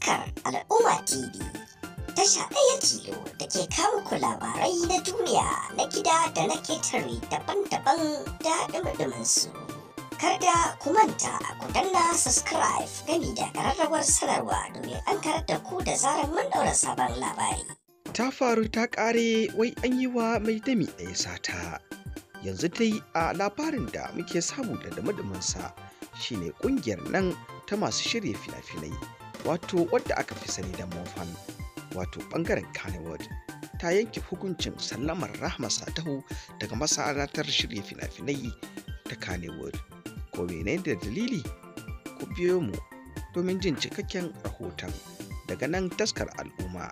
taskar al'umma tv tasha ɗaya tilo da ke kawo ku labarai na duniya na gida da na ketare daban-daban da ɗumɗumin su kada ku manta ku danna subscribe gami da ƙararrawar sanarwa domin an karar da ku da zarar mun ɗaura sabon labari ta faru ta ƙare wai an yi wa mai dami ɗaya sata yanzu dai a labarin da muke samu da dumudumunsa shine ƙungiyar nan ta masu shirya fina-finai wato wadda aka fi sani da mofan wato bangaren kannywood ta yanke hukuncin sallamar rahma satahu daga masana'antar shirya fina-finai ta kannywood ko menene da dalili ku biyo mu domin jin cikakken rahoton daga nan taskar al'umma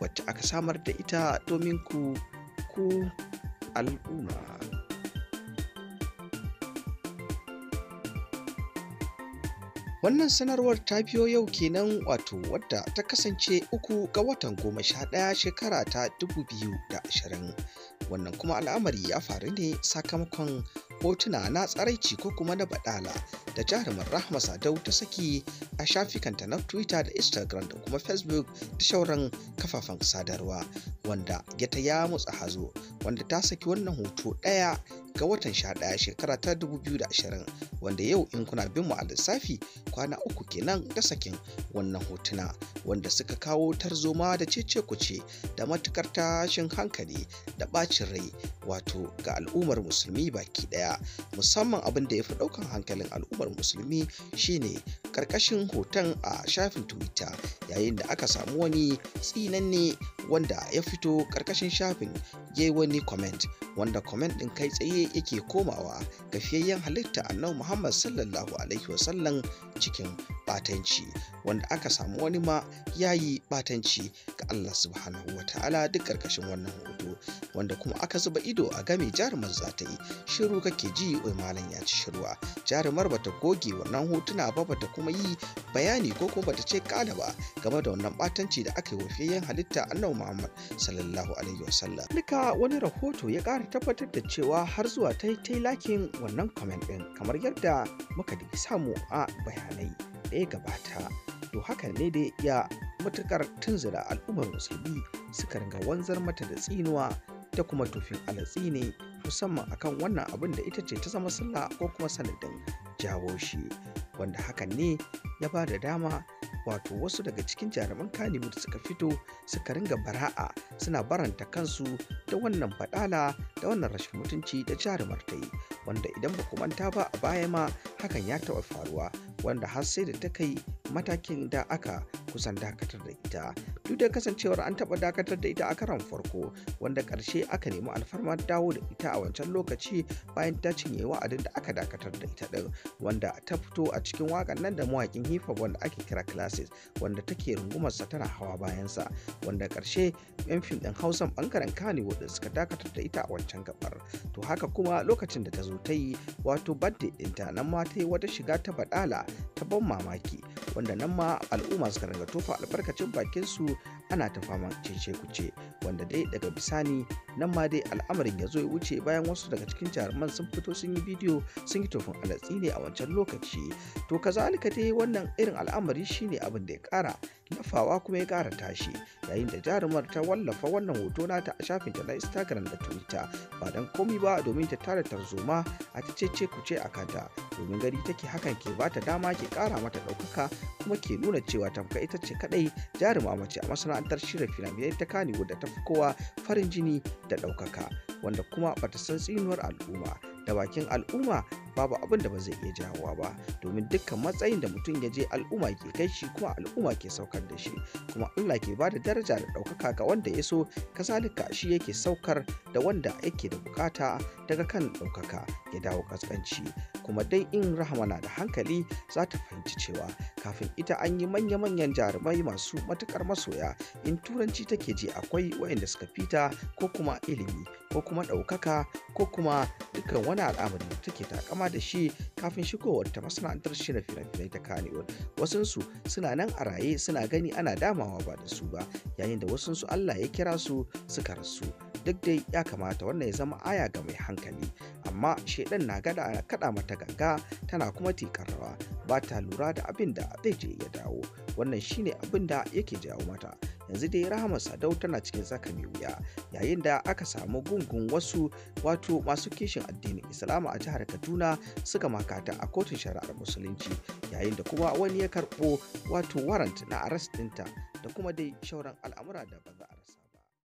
wacce aka samar da ita domin ku ku al'umma Wannan sanarwar ta biyo yau kenan wato wadda ta kasance uku ga watan goma sha ɗaya shekara ta dubu biyu da ashirin. Wannan kuma al'amari ya faru ne sakamakon hotuna na tsaraici ko kuma na badala, da jarumin Rahma Sadau ta saki a shafikanta na Twitter da Instagram da kuma Facebook da shauran kafafen sadarwa wanda ya ta ya mutsa hazo wanda ta saki wannan hoto ɗaya ga watan 11 shekara ta 2020 wanda yau in kuna bin mu a lissafi kwana uku kenan da sakin wannan hotuna wanda suka kawo tarzoma da cece kuce da matukar tashin hankali da bacin rai wato ga al'ummar musulmi baki daya musamman abin da ya fi daukan hankalin al'ummar musulmi shine karkashin hoton a shafin twitter yayin da aka samu wani tsinanne wanda ya fito karkashin shafin ya wani comment wanda comment din kai tsaye yake komawa ga fiyayyen halitta annabi Muhammad sallallahu alaihi wasallam cikin batanci wanda aka samu wani ma yayi batanci ga Allah subhanahu wa ta'ala duk karkashin wannan hoto wanda kuma aka zuba ido a game jarumar za ta yi shiru kake ji oi malam ya ci shirwa jarumar bata goge wannan hotuna ba bata kuma yi bayani ko kuma bata ce kala ba game da wannan batanci da aka yi wa halitta annabi Muhammad sallallahu alaihi wasallam duka wani rahoto ya kara tabbatar da cewa har zuwa ta yi lakin wannan comment ɗin kamar yadda muka da samu a bayanai da ya gabata to haka ne da ya matukar tunzura al'ummar musulmi suka ringa wanzar mata da tsinuwa da kuma tufin alatsi ne musamman akan wannan abin da ita ce ta zama sallah ko kuma sanadin jawo shi wanda hakan ne ya ba da dama wato wasu daga cikin jaruman da suka fito suka ringa bara'a suna baranta kansu da wannan fadala da wannan rashin mutunci da jarumar ta yi wanda idan ba manta ba a baya ma hakan ya taɓa faruwa wanda har sai da ta kai matakin da aka kusan dakatar da ita duk da kasancewar an taɓa dakatar da ita a karon farko wanda ƙarshe aka nemi alfarma dawo da ita a wancan lokaci bayan ta cinye wa'adin da aka dakatar da ita ɗin wanda ta fito a cikin waƙan nan da mawaƙin hip hop wanda ake kira classes wanda take rungumar sa tana hawa bayansa wanda ƙarshe 'yan fim ɗin hausan ɓangaren kanewood suka dakatar da ita a wancan gabar to haka kuma lokacin da ta zo ta yi wato birthday ɗinta nan ma ta yi wata shiga ta baɗala ta ban mamaki wanda nan ma al'umma suka daga tofa albarkacin bakin su ana ta faman cece kuce wanda dai daga bisani nan ma dai al'amarin ya zo ya wuce bayan wasu daga cikin jaruman sun fito sun yi bidiyo sun yi tofin alatsi ne a wancan lokaci to kazalika dai wannan irin al'amari shine abin da ya kara lafawa kuma ya ƙara tashi yayin da jarumar ta wallafa wannan hoto nata a shafinta na instagram da twitter ba dan komi ba domin ta tara tarzoma a ta cece kuce a kanta domin gari take hakan ke ba ta dama ke kara mata ɗaukaka kuma ke nuna cewa tamka ita ce kadai jaruma mace a masana'antar shirya filam yayin ta kani da ta fi kowa farin jini da ɗaukaka wanda kuma bata san tsinuwar al'umma da bakin al'umma babu abin da ba zai iya jawowa ba domin dukkan matsayin da mutum ya je al'umma ke kai shi kuma al'umma ke saukar da shi kuma Allah ke ba da daraja da ɗaukaka ga wanda ya so kasalika shi yake saukar da wanda yake da bukata daga kan ɗaukaka ya dawo kaskanci kuma dai in rahama na da hankali za ta fahimci cewa kafin ita an yi manya-manyan jarumai masu matukar masoya in turanci take ji akwai waɗanda suka fita ko kuma ilimi ko kuma ɗaukaka ko kuma dukkan wani al'amari da take takama da shi kafin shigowar ta masana'antar shirin fina ta kaniwar wasunsu suna nan a raye suna gani ana damawa ba da su ba yayin da wasunsu allah ya kira su suka rasu duk dai ya kamata wannan ya zama aya ga mai hankali amma shaidan na gada kada mata ganga tana kuma tikar ba ta lura da abin da zai je ya dawo wannan shine abin da yake jawo mata yanzu dai rahama sadau tana cikin saka mai wuya yayin da aka samu gungun wasu wato masu kishin addinin islamu a jihar kaduna suka makata a kotun shari'ar musulunci yayin da kuma wani ya karɓo wato warrant na arrest ɗinta da kuma dai shauran al'amura da ba za a rasa